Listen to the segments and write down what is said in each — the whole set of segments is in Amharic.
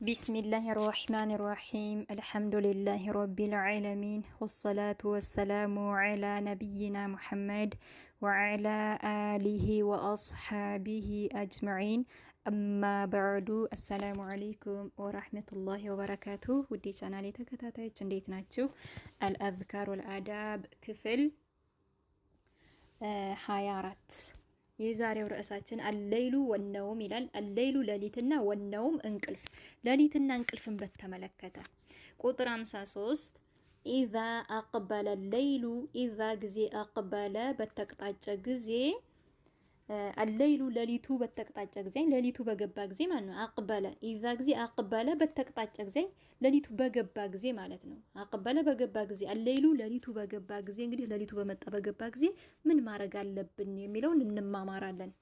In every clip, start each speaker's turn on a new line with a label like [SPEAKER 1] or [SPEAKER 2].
[SPEAKER 1] بسم الله الرحمن الرحيم الحمد لله رب العالمين والصلاة والسلام على نبينا محمد وعلى آله وأصحابه أجمعين أما بعد السلام عليكم ورحمة الله وبركاته ودي شانالي تكتاتي جنديت الأذكار والآداب كفل آه حيارات የዛሬው ርዕሳችን አለይሉ ወነውም ይላል። አለይሉ ሌሊትና ወነውም እንቅልፍ፣ ሌሊትና እንቅልፍን በተመለከተ ቁጥር 53 ኢዛ አቅበለ ለይሉ ኢዛ ጊዜ አቅበለ በተቅጣጨ ጊዜ አለይሉ ለሊቱ በተቅጣጫ ጊዜ ለሊቱ በገባ ጊዜ ማለት ነው። አቅበለ ኢዛ ጊዜ አቅበለ በተቅጣጫ ጊዜ ለሊቱ በገባ ጊዜ ማለት ነው። አቅበለ በገባ ጊዜ አለይሉ ለሊቱ በገባ ጊዜ እንግዲህ ለሊቱ በመጣ በገባ ጊዜ ምን ማድረግ አለብን የሚለውን እንማማራለን።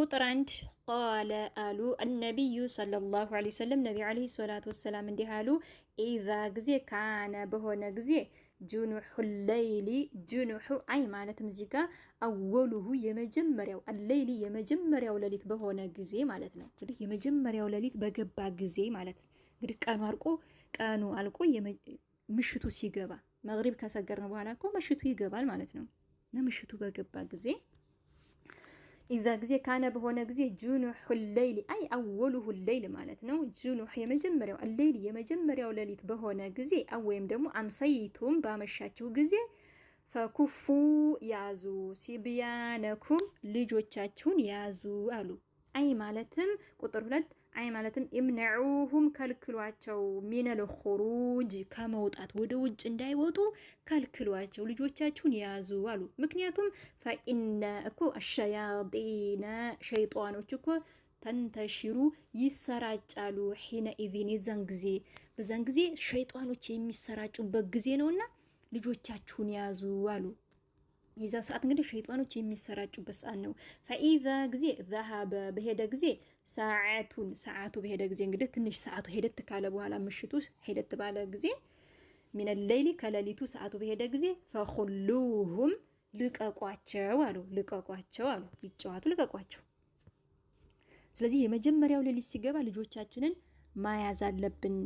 [SPEAKER 1] ቁጥር አንድ ቃለ አሉ አነቢዩ ሰለላሁ ዐለይሂ ወሰለም ነቢ ዐለይሂ ሰላቱ ወሰላም እንዲህ አሉ ኢዛ ጊዜ ካነ በሆነ ጊዜ ጁኑሑ ለይሊ ጁኑሑ አይ ማለትም እዚህ ጋር አወሉሁ የመጀመሪያው አሌይሊ የመጀመሪያው ሌሊት በሆነ ጊዜ ማለት ነው። እንግዲህ የመጀመሪያው ሌሊት በገባ ጊዜ ማለት ነው። እንግዲህ ቀኑ አልቆ ቀኑ አልቆ ምሽቱ ሲገባ መግሪብ ከሰገርን በኋላ እኮ ምሽቱ ይገባል ማለት ነው። እና ምሽቱ በገባ ጊዜ ኢዛ ጊዜ ካነ በሆነ ጊዜ ጁኑሑ ሌይሊ አይ አወሉሁ ሌይል ማለት ነው። ጁኑሕ የመጀመሪያው ሌይል የመጀመሪያው ሌሊት በሆነ ጊዜ ወይም ደግሞ አምሰይቱም ባመሻችሁ ጊዜ ፈኩፉ ያዙ ሲብያነኩም ልጆቻችሁን ያዙ አሉ። አይ ማለትም ቁጥር ሁለት አይ ማለትም እምነዑሁም ከልክሏቸው ሚነል ኹሩጅ ከመውጣት ወደ ውጭ እንዳይወጡ ከልክሏቸው፣ ልጆቻችሁን ያዙ አሉ። ምክንያቱም ፈኢነ እኮ አሸያጢነ ሸይጧኖች እኮ ተንተሽሩ ይሰራጫሉ። ሒነ ኢዚን የዛን ጊዜ በዛን ጊዜ ሸይጧኖች የሚሰራጩበት ጊዜ ነውና ልጆቻችሁን ያዙ አሉ። የዛ ሰዓት እንግዲህ ሸይጣኖች የሚሰራጩበት ሰዓት ነው። ፈኢዛ ጊዜ ዘሀበ በሄደ ጊዜ ሰዓቱን ሰዓቱ በሄደ ጊዜ እንግዲህ ትንሽ ሰዓቱ ሄደት ካለ በኋላ ምሽቱ ሄደት ባለ ጊዜ ሚነ ሌይሊ ከሌሊቱ ሰዓቱ በሄደ ጊዜ ፈኩሉሁም ልቀቋቸው አሉ ልቀቋቸው አሉ ይጫዋቱ ልቀቋቸው። ስለዚህ የመጀመሪያው ሌሊት ሲገባ ልጆቻችንን ማያዝ አለብን።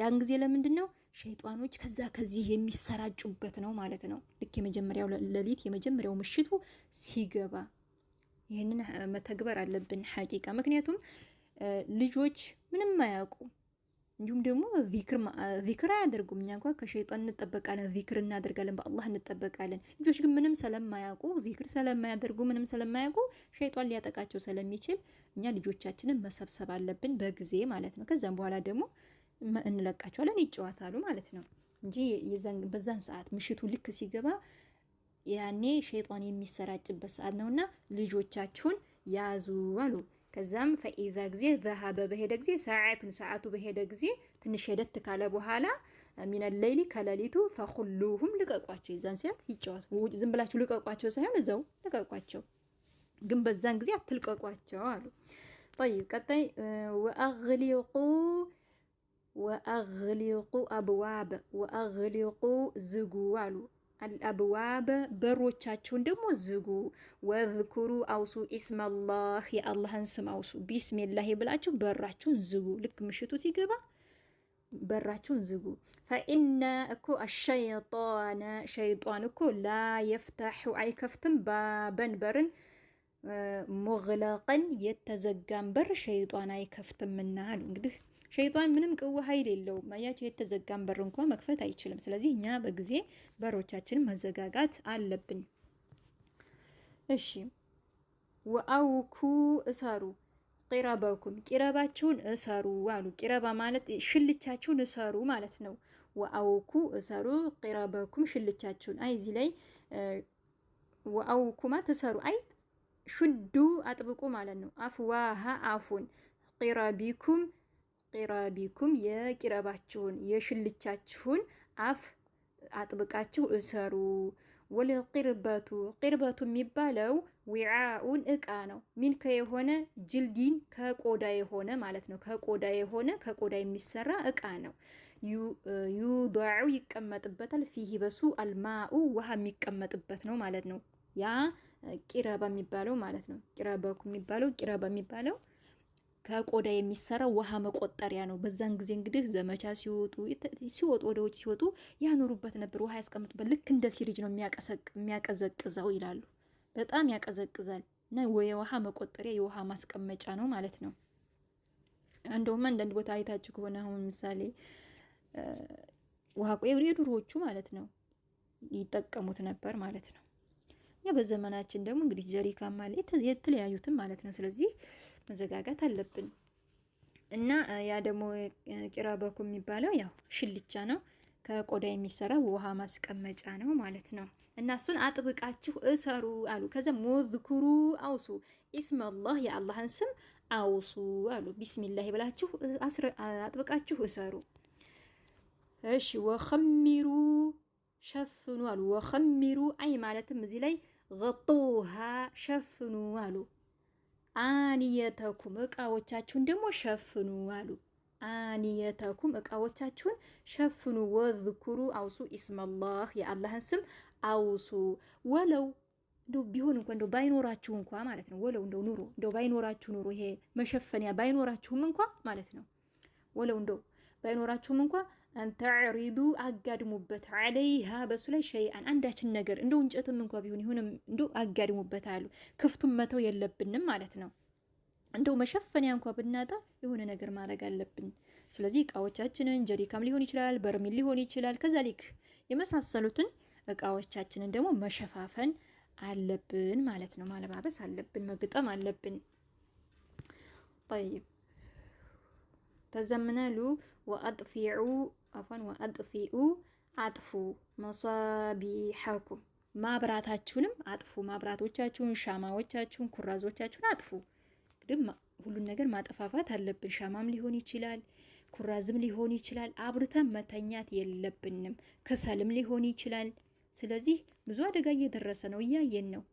[SPEAKER 1] ያን ጊዜ ለምንድን ነው ሸይጣኖች ከዛ ከዚህ የሚሰራጩበት ነው ማለት ነው። ልክ የመጀመሪያው ሌሊት የመጀመሪያው ምሽቱ ሲገባ ይህንን መተግበር አለብን ሐቂቃ። ምክንያቱም ልጆች ምንም አያውቁ እንዲሁም ደግሞ ዚክር አያደርጉም። እኛ እንኳ ከሸይጣን እንጠበቃለን፣ ዚክር እናደርጋለን፣ በአላህ እንጠበቃለን። ልጆች ግን ምንም ስለማያውቁ ዚክር ስለማያደርጉ ምንም ስለማያውቁ ሸይጣን ሊያጠቃቸው ስለሚችል እኛ ልጆቻችንን መሰብሰብ አለብን በጊዜ ማለት ነው። ከዛም በኋላ ደግሞ እንለቃቸዋለን ይጫወታሉ ማለት ነው እንጂ በዛን ሰዓት ምሽቱ ልክ ሲገባ ያኔ ሸይጣን የሚሰራጭበት ሰዓት ነውና ልጆቻችሁን ያዙ አሉ። ከዛም ፈኢዛ ጊዜ ዘሃበ በሄደ ጊዜ ሰዓቱን ሰዓቱ በሄደ ጊዜ ትንሽ ሄደት ካለ በኋላ ሚነ ሌይሊ ከሌሊቱ ፈኩሉሁም ልቀቋቸው። የዛን ሰዓት ይጫወቱ፣ ዝም ብላችሁ ልቀቋቸው ሳይሆን እዛው ልቀቋቸው፣ ግን በዛን ጊዜ አትልቀቋቸው አሉ። ጠይብ ቀጣይ ወአግሊቁ ወአግሊቁ አብዋብ ወአግሊቁ ዝጉ አሉ። አልአብዋብ በሮቻችሁን ደግሞ ዝጉ። ወዝኩሩ አውሱ ኢስመላህ የአላህን ስም አውሱ። ቢስሚላህ ብላችሁ በራችሁን ዝጉ። ልክ ምሽቱ ሲገባ በራችሁን ዝጉ። ፈኢነ እኮ አሸይጣነ ሸይጣን እኮ ላ የፍታሑ አይከፍትም ባበን በርን ሙግለቅን የተዘጋን በር ሸይጣን አይከፍትምና አሉ እንግዲህ ሸይጣን ምንም ቅው ኃይል የለውም። አያቸው የተዘጋን በር እንኳ መክፈት አይችልም። ስለዚህ እኛ በጊዜ በሮቻችን መዘጋጋት አለብን። እሺ ወአውኩ እሰሩ ቂረባኩም ቂረባችሁን እሰሩ አሉ። ቂረባ ማለት ሽልቻችሁን እሰሩ ማለት ነው። ወአውኩ እሰሩ ቂረባኩም ሽልቻችሁን። አይ እዚህ ላይ ወአውኩማ ትሰሩ አይ ሹዱ አጥብቁ ማለት ነው። አፍዋሃ አፉን ቂረቢኩም ቂራቢኩም የቂረባችሁን የሽልቻችሁን አፍ አጥብቃችሁ እሰሩ። ወለቂርበቱ ቂርበቱ የሚባለው ዊዓኡን እቃ ነው። ሚን ከየሆነ ጅልዲን ከቆዳ የሆነ ማለት ነው። ከቆዳ የሆነ ከቆዳ የሚሰራ እቃ ነው። ዩዳዑ ይቀመጥበታል። ፊሂ በሱ አልማኡ ውሃ የሚቀመጥበት ነው ማለት ነው። ያ ቂረባ የሚባለው ማለት ነው። ቂረባኩ የሚባለው ቂረባ የሚባለው ከቆዳ የሚሰራው ውሃ መቆጠሪያ ነው። በዛን ጊዜ እንግዲህ ዘመቻ ሲወጡ ሲወጡ ወደ ውጭ ሲወጡ ያኖሩበት ነበር። ውሃ ያስቀምጡበት። ልክ እንደ ፍሪጅ ነው የሚያቀዘቅዘው ይላሉ። በጣም ያቀዘቅዛል እና የውሃ መቆጠሪያ የውሃ ማስቀመጫ ነው ማለት ነው። እንደውም አንዳንድ ቦታ አይታችሁ ከሆነ አሁን ምሳሌ ውሃ የድሮዎቹ ማለት ነው ይጠቀሙት ነበር ማለት ነው። ያ በዘመናችን ደግሞ እንግዲህ ጀሪካም አለ የተለያዩትም ማለት ነው። ስለዚህ መዘጋጋት አለብን እና ያ ደግሞ በኩ የሚባለው ያው ሽልቻ ነው። ከቆዳ የሚሰራ ውሃ ማስቀመጫ ነው ማለት ነው። እና እሱን አጥብቃችሁ እሰሩ አሉ። ከዚም ወዝኩሩ አውሱ ኢስመላህ የአላህን ስም አውሱ አሉ። ቢስሚላህ ብላችሁ አጥብቃችሁ እሰሩ። እሺ ወኸሚሩ ሸፍኑ አሉ። ወኸሚሩ አይ ማለትም እዚህ ላይ غጡሃ ሸፍኑ አሉ። አንየተኩም እቃዎቻችሁን ደግሞ ሸፍኑ አሉ። አንየተኩም እቃዎቻችሁን ሸፍኑ። ወዝኩሩ አውሱ ኢስመላህ የአላህን ስም አውሱ። ወለው እንደው ቢሆን እንኳ እንደው ባይኖራችሁ እንኳ ማለት ነው። ወለው እንደው ኑሮ እንደው ባይኖራችሁ ኑሮ ይሄ መሸፈንያ ባይኖራችሁም እንኳ ማለት ነው። ወለው እንደው ባይኖራችሁም እንኳ አንተዕሪዱ አጋድሙበት አለይሃ በሱ ላይ ሸይአን አንዳችን ነገር እንደው እንጨትም እንኳ ቢሆን ይሁንም እንደ አጋድሙበት አሉ። ክፍቱን መተው የለብንም ማለት ነው። እንደው መሸፈንያ እንኳ ብናጣ የሆነ ነገር ማድረግ አለብን። ስለዚህ እቃዎቻችንን ጀሪካም ሊሆን ይችላል፣ በርሚል ሊሆን ይችላል፣ ከዛሊክ የመሳሰሉትን እቃዎቻችንን ደግሞ መሸፋፈን አለብን ማለት ነው። ማለባበስ አለብን፣ መግጠም አለብን። ጠይብ ተዘምናሉ ወአጥፊዑ አፏን ወአጥፊኡ አጥፉ መሳቢሐኩም ማብራታችሁንም አጥፉ። ማብራቶቻችሁን፣ ሻማዎቻችሁን፣ ኩራዞቻችሁን አጥፉ። ግድም ሁሉን ነገር ማጠፋፋት አለብን። ሻማም ሊሆን ይችላል፣ ኩራዝም ሊሆን ይችላል። አብርተን መተኛት የለብንም። ከሰልም ሊሆን ይችላል። ስለዚህ ብዙ አደጋ እየደረሰ ነው፣ እያየን ነው።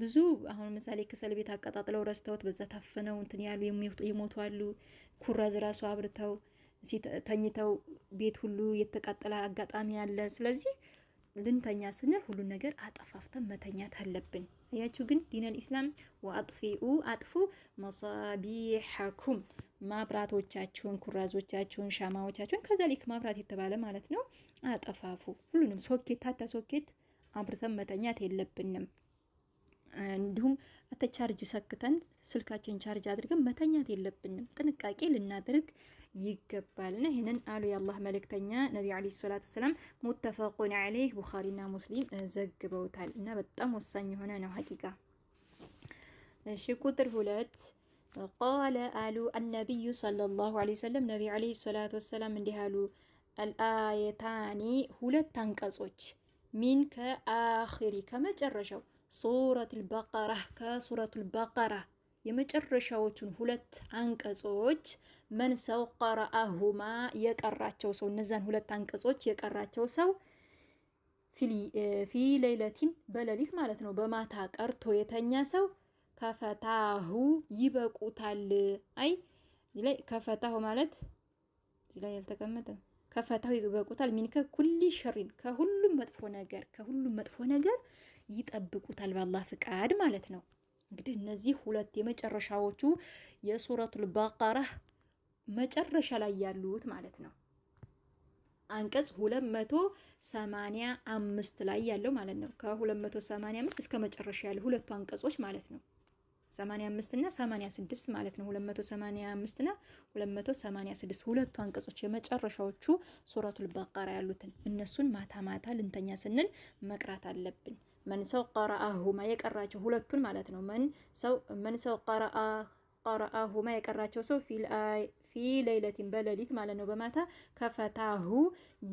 [SPEAKER 1] ብዙ አሁን ምሳሌ ከሰል ቤት አቀጣጥለው ረስተውት በዛ ታፍነው እንትን ያሉ የሞቱ አሉ። ኩራዝ ራሱ አብርተው ተኝተው ቤት ሁሉ የተቃጠለ አጋጣሚ አለ። ስለዚህ ልንተኛ ስንል ሁሉን ነገር አጠፋፍተን መተኛት አለብን። አያችሁ ግን ዲነል ኢስላም ወአጥፊኡ አጥፉ መሳቢሐኩም ማብራቶቻችሁን፣ ኩራዞቻችሁን፣ ሻማዎቻችሁን ከዛ ሊክ ማብራት የተባለ ማለት ነው። አጠፋፉ ሁሉንም ሶኬት ታታ ሶኬት አብርተን መተኛት የለብንም። እንዲሁም አተ ቻርጅ ሰክተን ስልካችን ቻርጅ አድርገን መተኛት የለብንም። ጥንቃቄ ልናደርግ ይገባል። ና ይህንን አሉ የአላህ መልእክተኛ ነቢ ዓለይሂ ሰላቱ ወሰላም። ሙተፈቁን ዓለይህ ቡኻሪና ሙስሊም ዘግበውታል። እና በጣም ወሳኝ የሆነ ነው ሀቂቃ። እሺ ቁጥር ሁለት ቃለ አሉ አነቢዩ ሰለላሁ ዓለይሂ ወሰለም ነቢ ዓለይሂ ሰላቱ ወሰላም እንዲህ አሉ አልአየታኒ ሁለት አንቀጾች ሚን ከአኺሪ ከመጨረሻው ሱረቱል በቀራ ከሱረቱል በቀራ የመጨረሻዎቹን ሁለት አንቀጾች መን ሰው ቀረአሁማ የቀራቸው ሰው እነዚያን ሁለት አንቀጾች የቀራቸው ሰው ፊ ሌይለቲን በሌሊት ማለት ነው፣ በማታ ቀርቶ የተኛ ሰው ከፈታሁ ይበቁታል። አይ እዚህ ላይ ከፈታሁ ማለት እዚህ ላይ ያልተቀመጠ ከፈታሁ ይበቁታል። ሚንከ ኩሊ ሸሪን ከሁሉም መጥፎ ነገር ከሁሉም መጥፎ ነገር ይጠብቁታል በአላህ ፍቃድ ማለት ነው። እንግዲህ እነዚህ ሁለት የመጨረሻዎቹ የሱረቱል በቀራ መጨረሻ ላይ ያሉት ማለት ነው። አንቀጽ 285 ላይ ያለው ማለት ነው። ከ285 እስከ መጨረሻ ያለው ሁለቱ አንቀጾች ማለት ነው። 85 እና 86 ማለት ነው። 285 እና 286 ሁለቱ አንቀጾች የመጨረሻዎቹ ሱረቱል በቀራ ያሉትን እነሱን ማታ ማታ ልንተኛ ስንል መቅራት አለብን። መን ሰው ቀረአሁማ የቀራቸው ሁለቱን ማለት ነው። መን ሰው ቀረአሁማ የቀራቸው ሰው ፊ ሌይለቲን በሌሊት ማለት ነው በማታ ከፈታሁ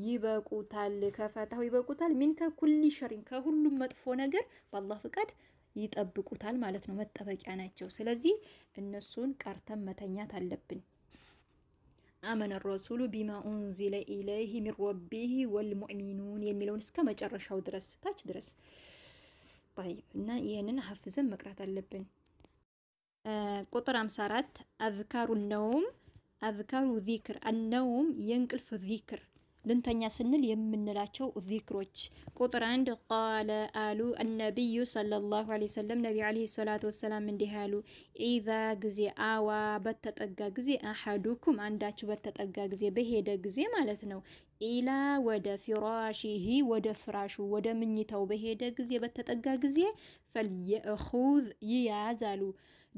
[SPEAKER 1] ይበቁታል። ከፈታሁ ይበቁታል። ሚን ከኩሊ ሸሪን ከሁሉም መጥፎ ነገር በአላህ ፍቃድ ይጠብቁታል ማለት ነው። መጠበቂያ ናቸው። ስለዚህ እነሱን ቀርተን መተኛት አለብን። አመነ ረሱሉ ቢማ ኡንዚለ ኢለይህ ሚን ረቢህ ወልሙእሚኑን የሚለውን እስከ መጨረሻው ድረስ ታች ድረስ ጠይብ እና ይህንን ሀፍዘን መቅራት አለብን። ቁጥር 54 አዝካሩ ነውም አዝካሩ ዚክር አነውም የእንቅልፍ ዚክር ልንተኛ ስንል የምንላቸው ዚክሮች ቁጥር አንድ ቃለ አሉ አነቢዩ ሰለላሁ ዐለይሂ ወሰለም ነቢ ዐለይሂ ሰላቱ ወሰላም እንዲህ አሉ። ኢዛ ጊዜ አዋ በተጠጋ ጊዜ አሐዱኩም አንዳችሁ በተጠጋ ጊዜ በሄደ ጊዜ ማለት ነው ኢላ ወደ ፊራሺሂ ወደ ፍራሹ ወደ ምኝታው በሄደ ጊዜ በተጠጋ ጊዜ ፈልየእኹዝ ይያዛሉ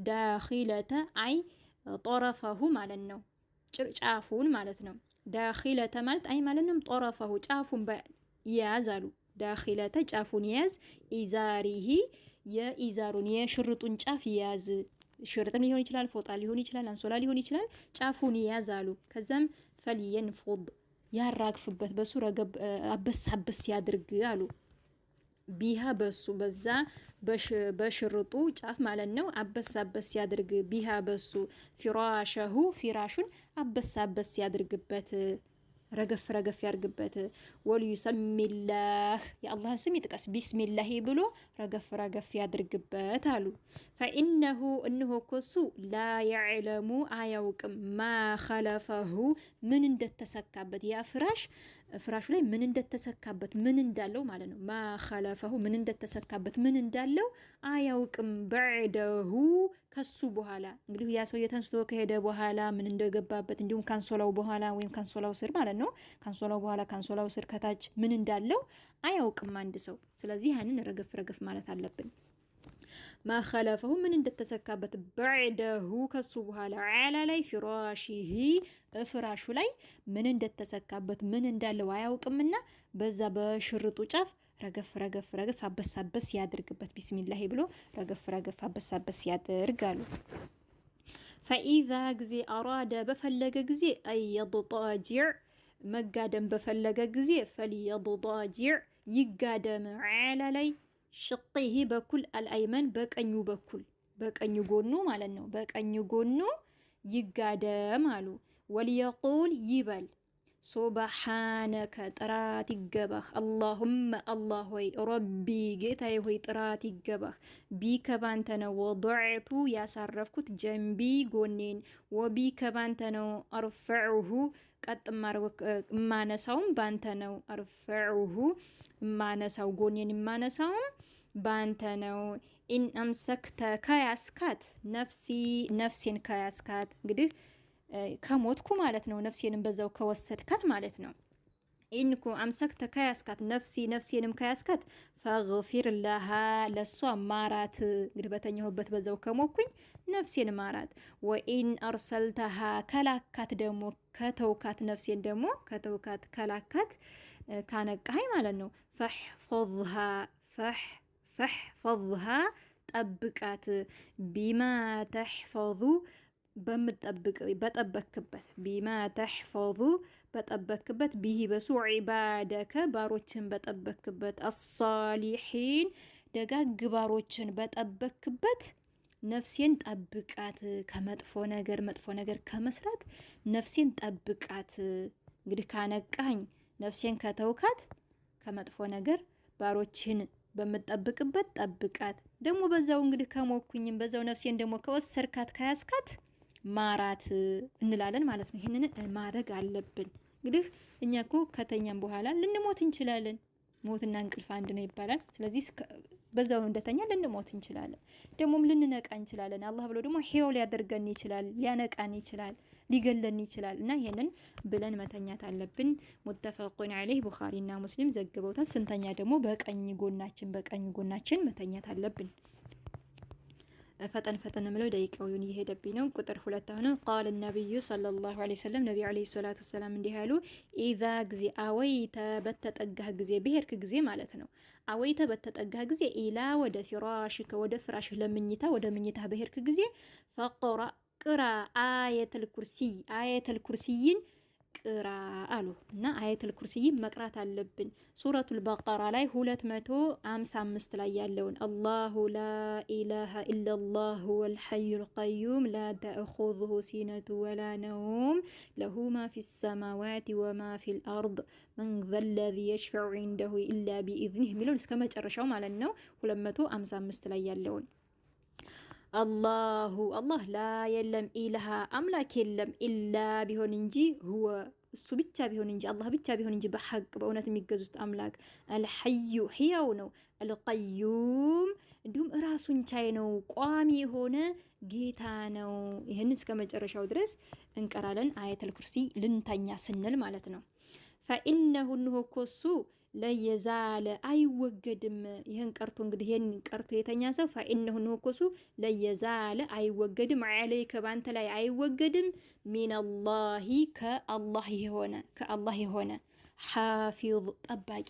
[SPEAKER 1] ዳኺለተ አይ ጦረፈሁ ማለት ነው ጭርጫፉን ማለት ነው ዳኺለተ ማለት አይ ማለንም ጦረፈሁ ጫፉን ያዝ አሉ። ዳኺለተ ጫፉን ያዝ፣ ኢዛሪሂ የኢዛሩን የሽርጡን ጫፍ ያዝ። ሽርጥም ሊሆን ይችላል፣ ፎጣ ሊሆን ይችላል፣ አንሶላ ሊሆን ይችላል። ጫፉን ያዝ አሉ። ከዛም ፈልየንፎድ ያራግፍበት፣ በሱ ረገብ አበስ አበስ ያድርግ አሉ። ቢሃ በሱ በዛ በሽርጡ ጫፍ ማለት ነው። አበሳበስ አበስ ያድርግ። ቢሃ በሱ ፊራሸሁ ፊራሹን አበሳበስ አበስ ያድርግበት፣ ረገፍ ረገፍ ያድርግበት። ወልዩሰሚላህ የአላህ ስም ይጥቀስ፣ ቢስሚላሂ ብሎ ረገፍ ረገፍ ያድርግበት አሉ። ፈኢነሁ እንሆ ኮሱ ላ ያዕለሙ አያውቅም ማ ኸለፈሁ ምን እንደተሰካበት ያ ፍራሽ ፍራሹ ላይ ምን እንደተሰካበት ምን እንዳለው ማለት ነው። ማኸለፈሁ ምን እንደተሰካበት ምን እንዳለው አያውቅም። በዕደሁ ከሱ በኋላ እንግዲህ ያ ሰው የተንስቶ ከሄደ በኋላ ምን እንደገባበት እንዲሁም ካንሶላው በኋላ ወይም ካንሶላው ስር ማለት ነው። ካንሶላው በኋላ ካንሶላው ስር ከታች ምን እንዳለው አያውቅም አንድ ሰው። ስለዚህ ያንን ረገፍ ረገፍ ማለት አለብን። ማኸለፈሁ ምን እንደተሰካበት በዕደሁ ከሱ በኋላ ዓላ ላይ ፊራሺሂ ፍራሹ ላይ ምን እንደተሰካበት ምን እንዳለው አያውቅምና በዛ በሽርጡ ጫፍ ረገፍ ረገፍ ረገፍ አበሳበስ ያድርግበት ቢስሚላሂ ብሎ ረገፍ ረገፍ አበሳበስ ያድርግ አሉ። ፈኢዛ ጊዜ አራደ በፈለገ ጊዜ አየጣጅዕ መጋደም በፈለገ ጊዜ ፈልየጣጅዕ ይጋደም ዓላ ላይ ሽቅህ በኩል አልአይመን በቀኙ በኩል በቀኙ ጎኑ ማለት ነው። በቀኝ ጎኑ ይጋደም አሉ። ወልየቁል ይበል ሱብሓነከ ጥራት ይገባህ፣ አላሁመ አላህ ሆይ ረቢ ጌታዬ ሆይ ጥራት ይገባህ። ቢከ ባንተ ነው ወዶዕቱ ያሳረፍኩት ጀንቢ ጎኔን፣ ወቢከ ባንተ ነው አርፈዕሁ ቀጥ እማነሳውም ባንተ ነው አርፈዕሁ እማነሳው ጎኔን እማነሳውም ባንተ ነው። ኢን አምሰክተ ከያስካት ነፍሲ ነፍሴን ከያስካት እንግዲህ ከሞትኩ ማለት ነው። ነፍሴንም በዛው ከወሰድካት ማለት ነው። ኢንኩ አምሰክተ ከያስካት ነፍሲ ነፍሴንም ከያስካት ፈግፊር ለሃ ለሷ ማራት። እንግዲህ በተኛሁበት በዛው ከሞኩኝ ነፍሴን ማራት። ወኢን አርሰልተሃ ከላካት ደግሞ ከተውካት ነፍሴን ደግሞ ከተውካት ከላካት ካነቃሃይ ማለት ነው። ፈሕፎዝሃ ፈሕ ፈሕፈዝሃ ጠብቃት። ቢማ ተሕፈዙ በጠበክበት ቢማ ተሕፈዙ በጠበክበት ብሂ በሱ ዒባደከ ባሮችን በጠበክበት አሳሊሒን ደጋግ ባሮችን በጠበክበት ነፍሴን ጠብቃት ከመጥፎ ነገር መጥፎ ነገር ከመስራት ነፍሴን ጠብቃት። እንግዲህ ካነቃኝ ነፍሴን ከተውካት ከመጥፎ ነገር ባሮችን በምጠብቅበት ጠብቃት። ደግሞ በዛው እንግዲህ ከሞኩኝም በዛው ነፍሴን ደግሞ ከወሰድካት ከያዝካት ማራት እንላለን ማለት ነው። ይህንን ማድረግ አለብን። እንግዲህ እኛ እኮ ከተኛም በኋላ ልንሞት እንችላለን። ሞትና እንቅልፍ አንድ ነው ይባላል። ስለዚህ በዛው እንደተኛ ልንሞት እንችላለን፣ ደግሞም ልንነቃ እንችላለን። አላህ ብሎ ደግሞ ሕያው ሊያደርገን ይችላል፣ ሊያነቃን ይችላል። ሊገለን ይችላል እና ይህንን ብለን መተኛት አለብን። ሙተፈቁን አለይህ ቡኻሪና ሙስሊም ዘግበውታል። ስንተኛ ደግሞ በቀኝ ጎናችን በቀኝ ጎናችን መተኛት አለብን። ፈጠን ፈጠን ምለው ደቂቃውን እየሄደብኝ ነው። ቁጥር ሁለት አሁን ቃል ነቢዩ ሰለላሁ ዐለይሂ ወሰለም ነቢ ዐለይሂ ሰላቱ ወሰላም እንዲህ ያሉ ኢዛ ጊዜ አወይተ በተጠጋህ ጊዜ ብሄርክ ጊዜ ማለት ነው። አወይተ በተጠጋህ ጊዜ ኢላ ወደ ፊራሽከ ወደ ፍራሽህ ለምኝታ ወደ ምኝታ ብሄርክ ጊዜ ፈቁራ ቅራ አየተል ኩርሲይ አየተል ኩርሲይን ቅራ አሉ እና አየተል ኩርሲይን መቅራት አለብን። ሱረቱል በቀራ ላይ 255 ላይ ያለውን አላሁ ላ ኢላሃ ኢለላህ ወል ሐዩል ቀዩም ላ ተእኹዙሁ ሲነቱ ወላ ነውም ለሁ ማ ፊስ ሰማዋቲ ወማ ፊል አርድ መን ዘለዚ የሽፈዑ ዒንደሁ ኢላ ቢኢዝኒህ የሚለውን እስከ መጨረሻው ማለት ነው 255 ላይ ያለውን አላሁ አላህ ላ የለም ኢላሃ አምላክ የለም ኢላ ቢሆን እንጂ ሁወ እሱ ብቻ ቢሆን እንጂ አላህ ብቻ ቢሆን እንጂ በሐቅ በእውነት የሚገዙት አምላክ አልሐዩ ሕያው ነው። አልቀዩም እንዲሁም እራሱን ቻይ ነው፣ ቋሚ የሆነ ጌታ ነው። ይህን እስከ መጨረሻው ድረስ እንቀራለን። አየተል ኩርሲ ልንተኛ ስንል ማለት ነው። ፈኢነሁ እንሆ ኮሱ ለየዛለ አይወገድም። ይህን ቀርቶ እንግዲህ ይህን ቀርቶ የተኛ ሰው ፈኢነሁ ንኩሱ ለየዛለ አይወገድም። አለይከ ባንተ ላይ አይወገድም። ሚነላሂ ከአላህ የሆነ ከአላህ የሆነ ሓፊዙ ጠባቂ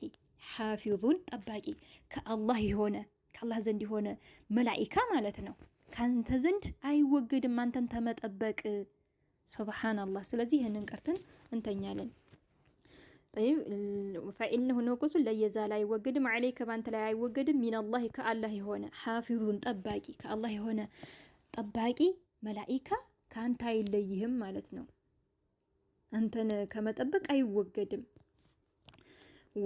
[SPEAKER 1] ሓፊዙን ጠባቂ ከአላህ የሆነ ከአላህ ዘንድ የሆነ መላኢካ ማለት ነው። ካንተ ዘንድ አይወገድም አንተን ተመጠበቅ። ሱብሓነላህ። ስለዚህ ይህንን ቀርተን እንተኛለን። ጠይብ ፈኢነሁ ንጉሱ ለየዛ ላይ አይወገድም፣ ዓለይከ ባንተ ላይ አይወገድም። ሚነላሂ ከአላህ የሆነ ሓፊዙን ጠባቂ ከአላህ የሆነ ጠባቂ መላኢካ ከአንተ አይለይህም ማለት ነው። አንተን ከመጠበቅ አይወገድም።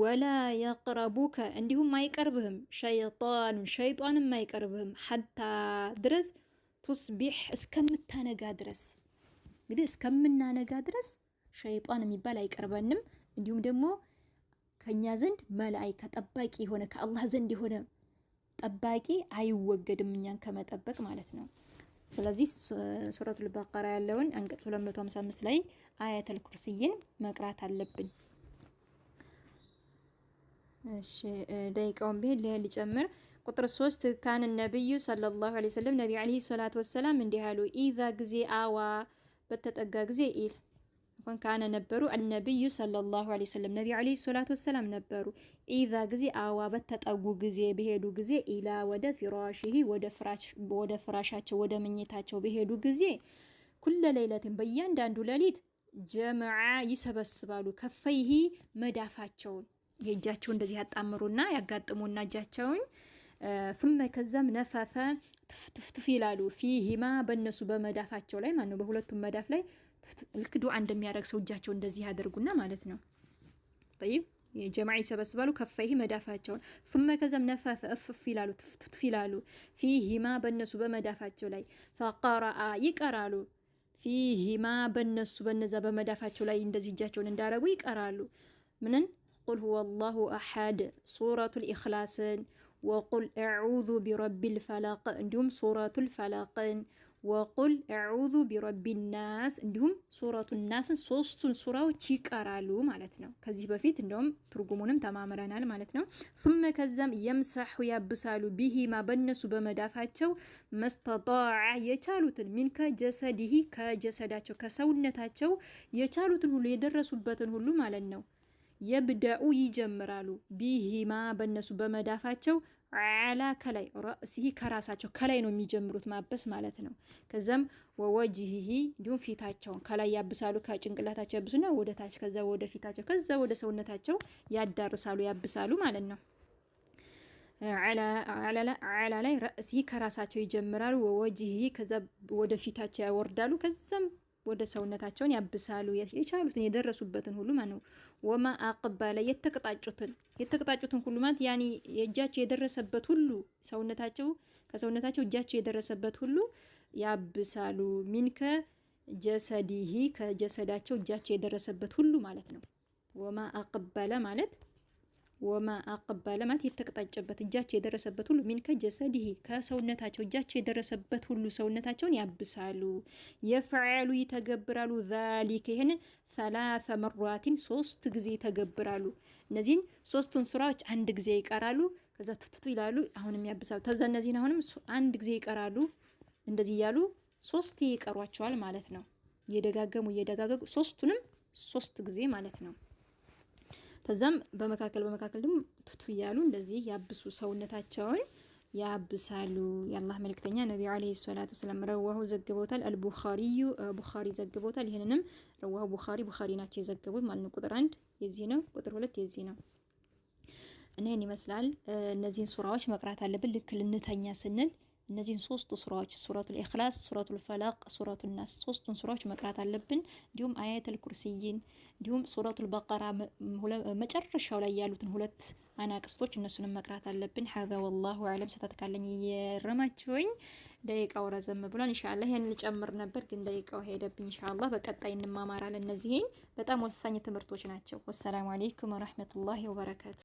[SPEAKER 1] ወላ የቅረቡከ እንዲሁም አይቀርብህም። ሸይጣኑ ሸይጣንም አይቀርብህም። ሓታ ድረስ ቱስቢሕ እስከምታነጋ ድረስ እንግዲህ እስከምናነጋ ድረስ ሸይጣን የሚባል አይቀርበንም። እንዲሁም ደግሞ ከእኛ ዘንድ መላኢካ ጠባቂ የሆነ ከአላህ ዘንድ የሆነ ጠባቂ አይወገድም እኛን ከመጠበቅ ማለት ነው። ስለዚህ ሱረቱል በቀራ ያለውን አንቀጽ 255 ላይ አያተል ኩርሲይን መቅራት አለብን። እሺ ደቂቃውን ቢሄድ ሊጨምር ጨምር ቁጥር 3 ካን ነብዩ ሰለላሁ ዐለይሂ ወሰለም ነቢ ዐለይሂ ሰላቱ ወሰላም እንዲህ አሉ። ኢዛ ጊዜ አዋ በተጠጋ ጊዜ ኢል እንኳን ካነ ነበሩ አልነቢዩ ሰለላሁ ዐለይሂ ወሰለም ነቢ ዐለይሂ ሰላቱ ወሰላም ነበሩ። ኢዛ ጊዜ አዋ በተጠጉ ጊዜ በሄዱ ጊዜ ኢላ ወደ ፊራሽሂ ወደ ፍራሻቸው ወደ መኝታቸው በሄዱ ጊዜ ኩለ ሌይለትን በእያንዳንዱ ሌሊት ጀመዓ ይሰበስባሉ። ከፈይሂ መዳፋቸውን እጃቸው እንደዚህ ያጣምሩና ያጋጥሙና እጃቸውን ثم ከዛም ነፈፈ ትፍትፍ ይላሉ ፊሂማ በእነሱ በመዳፋቸው ላይ ማነው በሁለቱም መዳፍ ላይ ልክ ዱዓ እንደሚያደርግ ሰው እጃቸው እንደዚህ ያደርጉና ማለት ነው። ጠይብ ጀማዓ ይሰበስባሉ። ከፈይህ መዳፋቸውን ثم ከዘም ነፈፈ እፍፍ ይላሉ ትፍትፍ ይላሉ። ፊሂማ በነሱ በመዳፋቸው ላይ ፈቀረአ ይቀራሉ። ፊሂማ በነሱ በነዛ በመዳፋቸው ላይ እንደዚህ እጃቸውን እንዳረጉ ይቀራሉ። ምንን ቁል ሁወ አሐድ ሱረቱል ኢኽላስን ወቁል አዑዙ ቢረቢል ፈለቅ እንዲሁም ሱረቱል ፈለቅን ወቁል አዑዙ ቢረቢ ናስ እንዲሁም ሱረቱ ናስን ሶስቱን ሱራዎች ይቀራሉ ማለት ነው። ከዚህ በፊት እንደውም ትርጉሙንም ተማምረናል ማለት ነው። ሱመ ከዛም የምሳሑ ያብሳሉ ቢሂማ በነሱ በመዳፋቸው መስተጣዐ የቻሉትን ሚን ከጀሰዲሂ ከጀሰዳቸው ከሰውነታቸው የቻሉትን ሁሉ የደረሱበትን ሁሉ ማለት ነው። የብደኡ ይጀምራሉ ቢሂማ በነሱ በመዳፋቸው አላ ከላይ ረእሲሂ ከራሳቸው ከላይ ነው የሚጀምሩት ማበስ ማለት ነው። ከዛም ወወጅሂ እንዲሁም ፊታቸውን ከላይ ያብሳሉ፣ ከጭንቅላታቸው ያብሱና ወደ ታች፣ ከዛ ወደ ፊታቸው፣ ከዛ ወደ ሰውነታቸው ያዳርሳሉ፣ ያብሳሉ ማለት ነው። አላ ላይ ረእሲሂ ከራሳቸው ይጀምራሉ። ወወጅሂ ከዛ ወደ ፊታቸው ያወርዳሉ። ከዛም ወደ ሰውነታቸውን ያብሳሉ፣ የቻሉትን የደረሱበትን ሁሉ ማለት ነው። ወማ አቅባለ ላይ የተቀጣጩትን ሁሉ ማለት ያኔ እጃቸው የደረሰበት ሁሉ ሰውነታቸው ከሰውነታቸው እጃቸው የደረሰበት ሁሉ ያብሳሉ ሚንከ ጀሰዲሂ ከጀሰዳቸው እጃቸው የደረሰበት ሁሉ ማለት ነው። ወማ አቅበለ ማለት ወማ አቅባ ለማለት የተቀጣጨበት እጃቸው የደረሰበት ሁሉ ሚንከ ጀሰዲህ ከሰውነታቸው እጃቸው የደረሰበት ሁሉ ሰውነታቸውን ያብሳሉ። የፍዓሉ ይተገብራሉ። ዛሊከ ይህን ሰላሰ መሯቲን ሶስት ጊዜ ይተገብራሉ። እነዚህን ሶስቱን ስራዎች አንድ ጊዜ ይቀራሉ። ከዛ ትትቱ ይላሉ። አሁንም ያብሳሉ። ከዛ እነዚህን አሁንም አንድ ጊዜ ይቀራሉ። እንደዚህ እያሉ ሶስት ይቀሯቸዋል ማለት ነው። እየደጋገሙ እየደጋገሙ ሶስቱንም ሶስት ጊዜ ማለት ነው። ከዛም በመካከል በመካከል ደግሞ ቱቱ እያሉ እንደዚህ ያብሱ ሰውነታቸውን ያብሳሉ። የአላህ መልእክተኛ ነቢ አለይሂ ሰላቱ ወሰላም ረዋሁ ዘግቦታል። አልቡኻሪዩ ቡኻሪ ዘግቦታል። ይህንንም ረዋሁ ቡኻሪ ቡኻሪ ናቸው የዘገቡት ማለት ነው። ቁጥር አንድ የዚህ ነው። ቁጥር ሁለት የዚህ ነው። እነን ይመስላል። እነዚህን ሱራዎች መቅራት አለብን ልክ ልንተኛ ስንል እነዚህን ሶስት ሱራዎች ሱረቱል ኢኽላስ፣ ሱረቱል ፈላቅ፣ ሱረቱል ናስ ሶስቱን ሱራዎች መቅራት አለብን። እንዲሁም አያተል ኩርሲይን እንዲሁም ሱረቱል በቀራ መጨረሻው ላይ ያሉትን ሁለት አናቅስቶች እነሱንም መቅራት አለብን። ሀዛ ወላሁ አለም። ስህተት ካለኝ እየረማችሁኝ። ደቂቃው ረዘም ብሏል። ኢንሻአላህ ይሄን ልጨምር ነበር ግን ደቂቃው ሄደብኝ። ኢንሻአላህ በቀጣይ እንማማራለን። እነዚህን በጣም ወሳኝ ትምህርቶች ናቸው። ወሰላሙ አለይኩም ወራህመቱላሂ ወበረካቱ